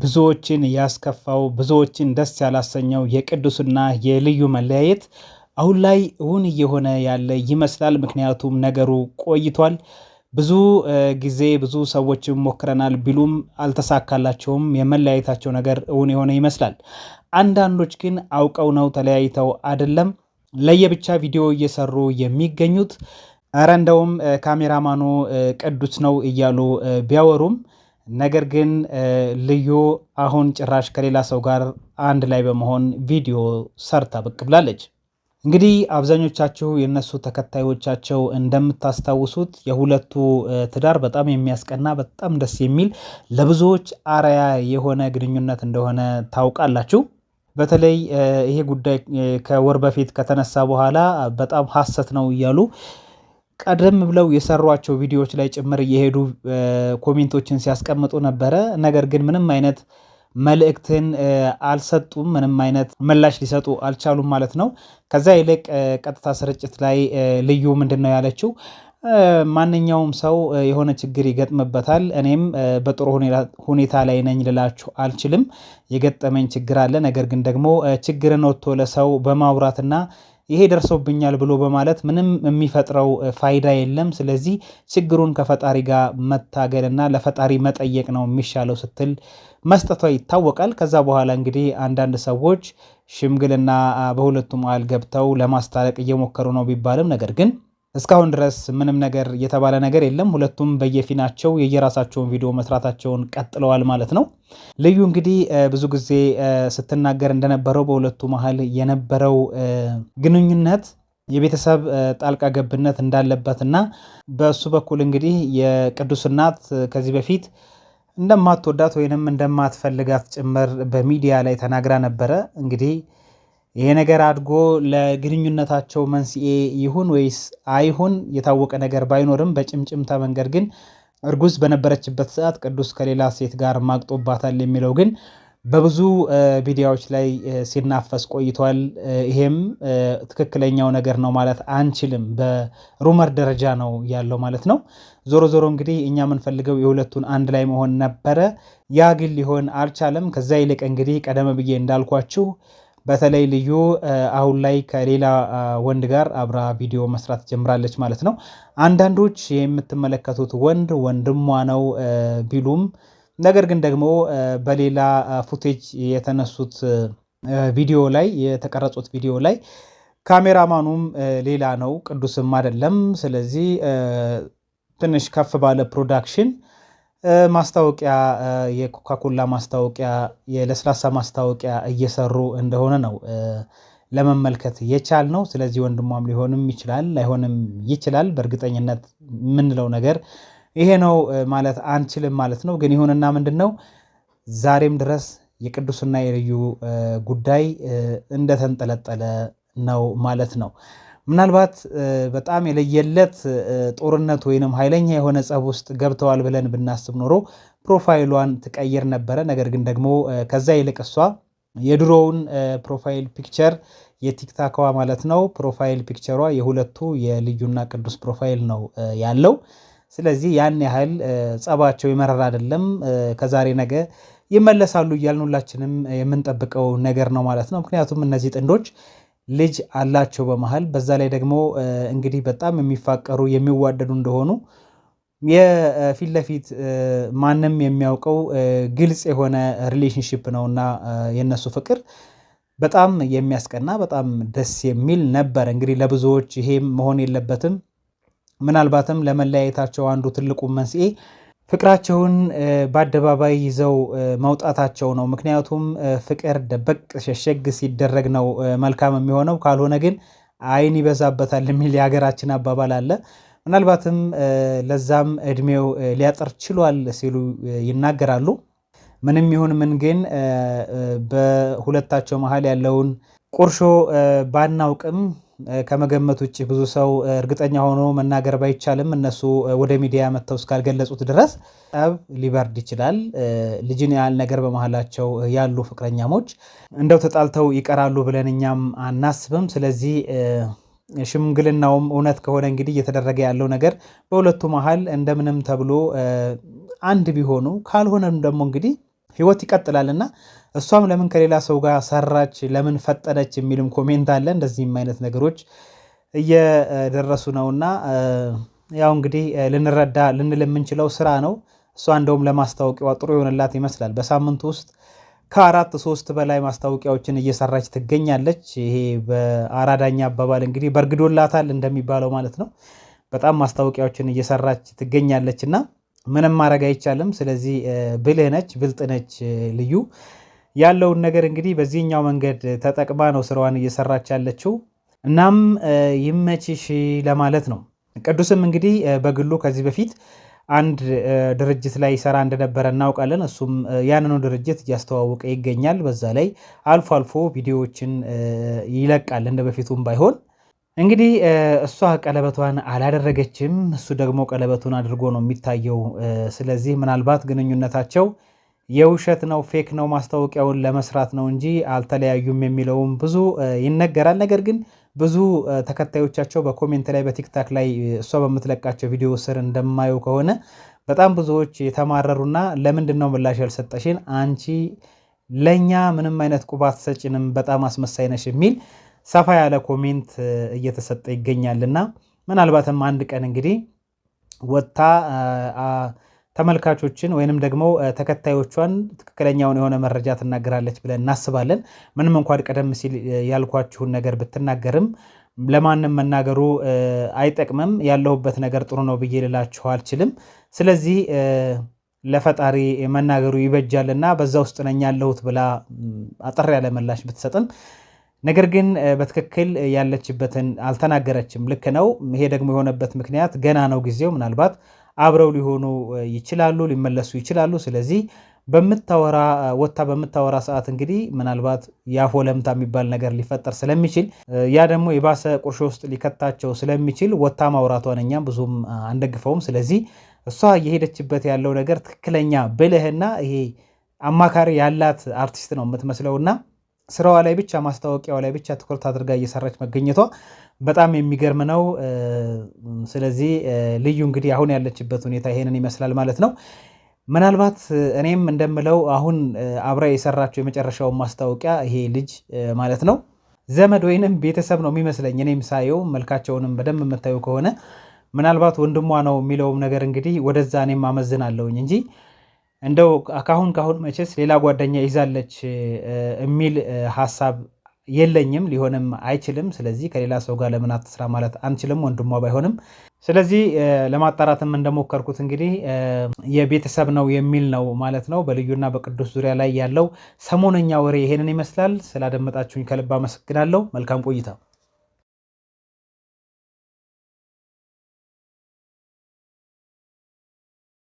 ብዙዎችን ያስከፋው ብዙዎችን ደስ ያላሰኘው የቅዱስና የልዩ መለያየት አሁን ላይ እውን እየሆነ ያለ ይመስላል። ምክንያቱም ነገሩ ቆይቷል። ብዙ ጊዜ ብዙ ሰዎችም ሞክረናል ቢሉም አልተሳካላቸውም። የመለያየታቸው ነገር እውን የሆነ ይመስላል። አንዳንዶች ግን አውቀው ነው ተለያይተው አይደለም ለየብቻ ቪዲዮ እየሰሩ የሚገኙት። እረ እንደውም ካሜራማኑ ቅዱስ ነው እያሉ ቢያወሩም ነገር ግን ልዩ አሁን ጭራሽ ከሌላ ሰው ጋር አንድ ላይ በመሆን ቪዲዮ ሰርታ ብቅ ብላለች። እንግዲህ አብዛኞቻችሁ የነሱ ተከታዮቻቸው እንደምታስታውሱት የሁለቱ ትዳር በጣም የሚያስቀና በጣም ደስ የሚል ለብዙዎች አርያ የሆነ ግንኙነት እንደሆነ ታውቃላችሁ። በተለይ ይሄ ጉዳይ ከወር በፊት ከተነሳ በኋላ በጣም ሐሰት ነው እያሉ ቀደም ብለው የሰሯቸው ቪዲዮዎች ላይ ጭምር እየሄዱ ኮሜንቶችን ሲያስቀምጡ ነበረ። ነገር ግን ምንም አይነት መልእክትን አልሰጡም። ምንም አይነት ምላሽ ሊሰጡ አልቻሉም ማለት ነው። ከዛ ይልቅ ቀጥታ ስርጭት ላይ ልዩ ምንድን ነው ያለችው ማንኛውም ሰው የሆነ ችግር ይገጥምበታል። እኔም በጥሩ ሁኔታ ላይ ነኝ ልላችሁ አልችልም። የገጠመኝ ችግር አለ። ነገር ግን ደግሞ ችግርን ወጥቶ ለሰው በማውራትና ይሄ ደርሶብኛል ብሎ በማለት ምንም የሚፈጥረው ፋይዳ የለም። ስለዚህ ችግሩን ከፈጣሪ ጋር መታገልና ለፈጣሪ መጠየቅ ነው የሚሻለው ስትል መስጠቷ ይታወቃል። ከዛ በኋላ እንግዲህ አንዳንድ ሰዎች ሽምግልና በሁለቱም መሃል ገብተው ለማስታረቅ እየሞከሩ ነው ቢባልም ነገር ግን እስካሁን ድረስ ምንም ነገር የተባለ ነገር የለም። ሁለቱም በየፊናቸው የየራሳቸውን ቪዲዮ መስራታቸውን ቀጥለዋል ማለት ነው። ልዩ እንግዲህ ብዙ ጊዜ ስትናገር እንደነበረው በሁለቱ መሀል የነበረው ግንኙነት የቤተሰብ ጣልቃ ገብነት እንዳለበት እና በእሱ በኩል እንግዲህ የቅዱስ እናት ከዚህ በፊት እንደማትወዳት ወይንም እንደማትፈልጋት ጭምር በሚዲያ ላይ ተናግራ ነበረ እንግዲህ ይሄ ነገር አድጎ ለግንኙነታቸው መንስኤ ይሁን ወይስ አይሁን የታወቀ ነገር ባይኖርም በጭምጭምታ መንገድ ግን እርጉዝ በነበረችበት ሰዓት ቅዱስ ከሌላ ሴት ጋር ማቅጦባታል የሚለው ግን በብዙ ሚዲያዎች ላይ ሲናፈስ ቆይቷል። ይሄም ትክክለኛው ነገር ነው ማለት አንችልም። በሩመር ደረጃ ነው ያለው ማለት ነው። ዞሮ ዞሮ እንግዲህ እኛ የምንፈልገው የሁለቱን አንድ ላይ መሆን ነበረ። ያ ግን ሊሆን አልቻለም። ከዛ ይልቅ እንግዲህ ቀደም ብዬ እንዳልኳችሁ በተለይ ልዩ አሁን ላይ ከሌላ ወንድ ጋር አብራ ቪዲዮ መስራት ጀምራለች ማለት ነው። አንዳንዶች የምትመለከቱት ወንድ ወንድሟ ነው ቢሉም ነገር ግን ደግሞ በሌላ ፉቴጅ የተነሱት ቪዲዮ ላይ የተቀረጹት ቪዲዮ ላይ ካሜራማኑም ሌላ ነው፣ ቅዱስም አይደለም። ስለዚህ ትንሽ ከፍ ባለ ፕሮዳክሽን ማስታወቂያ የኮካኮላ ማስታወቂያ የለስላሳ ማስታወቂያ እየሰሩ እንደሆነ ነው ለመመልከት የቻል ነው። ስለዚህ ወንድሟም ሊሆንም ይችላል ላይሆንም ይችላል በእርግጠኝነት የምንለው ነገር ይሄ ነው ማለት አንችልም ማለት ነው። ግን ይሁንና ምንድን ነው ዛሬም ድረስ የቅዱስና የልዩ ጉዳይ እንደተንጠለጠለ ነው ማለት ነው። ምናልባት በጣም የለየለት ጦርነት ወይንም ኃይለኛ የሆነ ጸብ ውስጥ ገብተዋል ብለን ብናስብ ኖሮ ፕሮፋይሏን ትቀይር ነበረ። ነገር ግን ደግሞ ከዛ ይልቅ እሷ የድሮውን ፕሮፋይል ፒክቸር የቲክታክዋ ማለት ነው ፕሮፋይል ፒክቸሯ የሁለቱ የልዩና ቅዱስ ፕሮፋይል ነው ያለው። ስለዚህ ያን ያህል ጸባቸው የመረር አይደለም። ከዛሬ ነገ ይመለሳሉ እያልን ሁላችንም የምንጠብቀው ነገር ነው ማለት ነው። ምክንያቱም እነዚህ ጥንዶች ልጅ አላቸው በመሃል በዛ ላይ ደግሞ እንግዲህ በጣም የሚፋቀሩ የሚዋደዱ እንደሆኑ የፊት ለፊት ማንም የሚያውቀው ግልጽ የሆነ ሪሌሽንሽፕ እና የነሱ ፍቅር በጣም የሚያስቀና በጣም ደስ የሚል ነበር። እንግዲህ ለብዙዎች ይሄም መሆን የለበትም ምናልባትም ለመለያየታቸው አንዱ ትልቁ መንስኤ ፍቅራቸውን በአደባባይ ይዘው መውጣታቸው ነው። ምክንያቱም ፍቅር ደበቅ ሸሸግ ሲደረግ ነው መልካም የሚሆነው፣ ካልሆነ ግን አይን ይበዛበታል የሚል የሀገራችን አባባል አለ። ምናልባትም ለዛም እድሜው ሊያጥር ችሏል ሲሉ ይናገራሉ። ምንም ይሁን ምን ግን በሁለታቸው መሀል ያለውን ቁርሾ ባናውቅም ከመገመት ውጭ ብዙ ሰው እርግጠኛ ሆኖ መናገር ባይቻልም እነሱ ወደ ሚዲያ መጥተው እስካልገለጹት ድረስ ጠብ ሊበርድ ይችላል። ልጅን ያህል ነገር በመሀላቸው ያሉ ፍቅረኛሞች እንደው ተጣልተው ይቀራሉ ብለን እኛም አናስብም። ስለዚህ ሽምግልናውም እውነት ከሆነ እንግዲህ እየተደረገ ያለው ነገር በሁለቱ መሀል እንደምንም ተብሎ አንድ ቢሆኑ ካልሆነም ደግሞ እንግዲህ ህይወት ይቀጥላል እና እሷም ለምን ከሌላ ሰው ጋር ሰራች፣ ለምን ፈጠነች የሚልም ኮሜንት አለ። እንደዚህም አይነት ነገሮች እየደረሱ ነውና ያው እንግዲህ ልንረዳ ልንል የምንችለው ስራ ነው። እሷ እንደውም ለማስታወቂያዋ ጥሩ የሆነላት ይመስላል። በሳምንቱ ውስጥ ከአራት ሶስት በላይ ማስታወቂያዎችን እየሰራች ትገኛለች። ይሄ በአራዳኛ አባባል እንግዲህ በእርግዶላታል እንደሚባለው ማለት ነው። በጣም ማስታወቂያዎችን እየሰራች ትገኛለች እና ምንም ማድረግ አይቻልም። ስለዚህ ብልህ ነች፣ ብልጥ ነች ልዩ ያለውን ነገር እንግዲህ በዚህኛው መንገድ ተጠቅማ ነው ስራዋን እየሰራች ያለችው። እናም ይመችሽ ለማለት ነው። ቅዱስም እንግዲህ በግሉ ከዚህ በፊት አንድ ድርጅት ላይ ይሰራ እንደነበረ እናውቃለን። እሱም ያንኑ ድርጅት እያስተዋወቀ ይገኛል። በዛ ላይ አልፎ አልፎ ቪዲዮዎችን ይለቃል እንደ በፊቱም ባይሆን እንግዲህ እሷ ቀለበቷን አላደረገችም፣ እሱ ደግሞ ቀለበቱን አድርጎ ነው የሚታየው። ስለዚህ ምናልባት ግንኙነታቸው የውሸት ነው፣ ፌክ ነው፣ ማስታወቂያውን ለመስራት ነው እንጂ አልተለያዩም የሚለውም ብዙ ይነገራል። ነገር ግን ብዙ ተከታዮቻቸው በኮሜንት ላይ በቲክታክ ላይ እሷ በምትለቃቸው ቪዲዮ ስር እንደማየው ከሆነ በጣም ብዙዎች የተማረሩና ለምንድን ነው ምላሽ ያልሰጠሽን አንቺ ለእኛ ምንም አይነት ቁባት ሰጭንም በጣም አስመሳይ ነሽ የሚል ሰፋ ያለ ኮሜንት እየተሰጠ ይገኛልና ምናልባትም አንድ ቀን እንግዲህ ወጥታ ተመልካቾችን ወይንም ደግሞ ተከታዮቿን ትክክለኛውን የሆነ መረጃ ትናገራለች ብለን እናስባለን። ምንም እንኳን ቀደም ሲል ያልኳችሁን ነገር ብትናገርም ለማንም መናገሩ አይጠቅምም። ያለሁበት ነገር ጥሩ ነው ብዬ ልላችሁ አልችልም። ስለዚህ ለፈጣሪ መናገሩ ይበጃልና በዛ ውስጥ ነኝ ያለሁት ብላ አጠር ያለ ምላሽ ብትሰጥም ነገር ግን በትክክል ያለችበትን አልተናገረችም። ልክ ነው። ይሄ ደግሞ የሆነበት ምክንያት ገና ነው ጊዜው። ምናልባት አብረው ሊሆኑ ይችላሉ፣ ሊመለሱ ይችላሉ። ስለዚህ በምታወራ ወታ በምታወራ ሰዓት እንግዲህ ምናልባት ለምታ የሚባል ነገር ሊፈጠር ስለሚችል ያ ደግሞ የባሰ ቁርሾ ውስጥ ሊከታቸው ስለሚችል ወታ ማውራቷን እኛም ብዙም አንደግፈውም። ስለዚህ እሷ እየሄደችበት ያለው ነገር ትክክለኛ ብልህና ይሄ አማካሪ ያላት አርቲስት ነው የምትመስለውና ስራዋ ላይ ብቻ ማስታወቂያዋ ላይ ብቻ ትኩረት አድርጋ እየሰራች መገኘቷ በጣም የሚገርም ነው። ስለዚህ ልዩ እንግዲህ አሁን ያለችበት ሁኔታ ይሄንን ይመስላል ማለት ነው። ምናልባት እኔም እንደምለው አሁን አብራ የሰራችው የመጨረሻውን ማስታወቂያ ይሄ ልጅ ማለት ነው ዘመድ ወይንም ቤተሰብ ነው የሚመስለኝ እኔም ሳየው መልካቸውንም በደንብ የምታዩ ከሆነ ምናልባት ወንድሟ ነው የሚለውም ነገር እንግዲህ ወደዛ እኔም አመዝናለሁኝ እንጂ እንደው ካሁን ካሁን መቼስ ሌላ ጓደኛ ይዛለች የሚል ሀሳብ የለኝም፣ ሊሆንም አይችልም። ስለዚህ ከሌላ ሰው ጋር ለምን አትስራ ማለት አንችልም፣ ወንድሟ ባይሆንም። ስለዚህ ለማጣራትም እንደሞከርኩት እንግዲህ የቤተሰብ ነው የሚል ነው ማለት ነው። በልዩና በቅዱስ ዙሪያ ላይ ያለው ሰሞነኛ ወሬ ይሄንን ይመስላል። ስላደመጣችሁኝ ከልብ አመሰግናለሁ። መልካም ቆይታ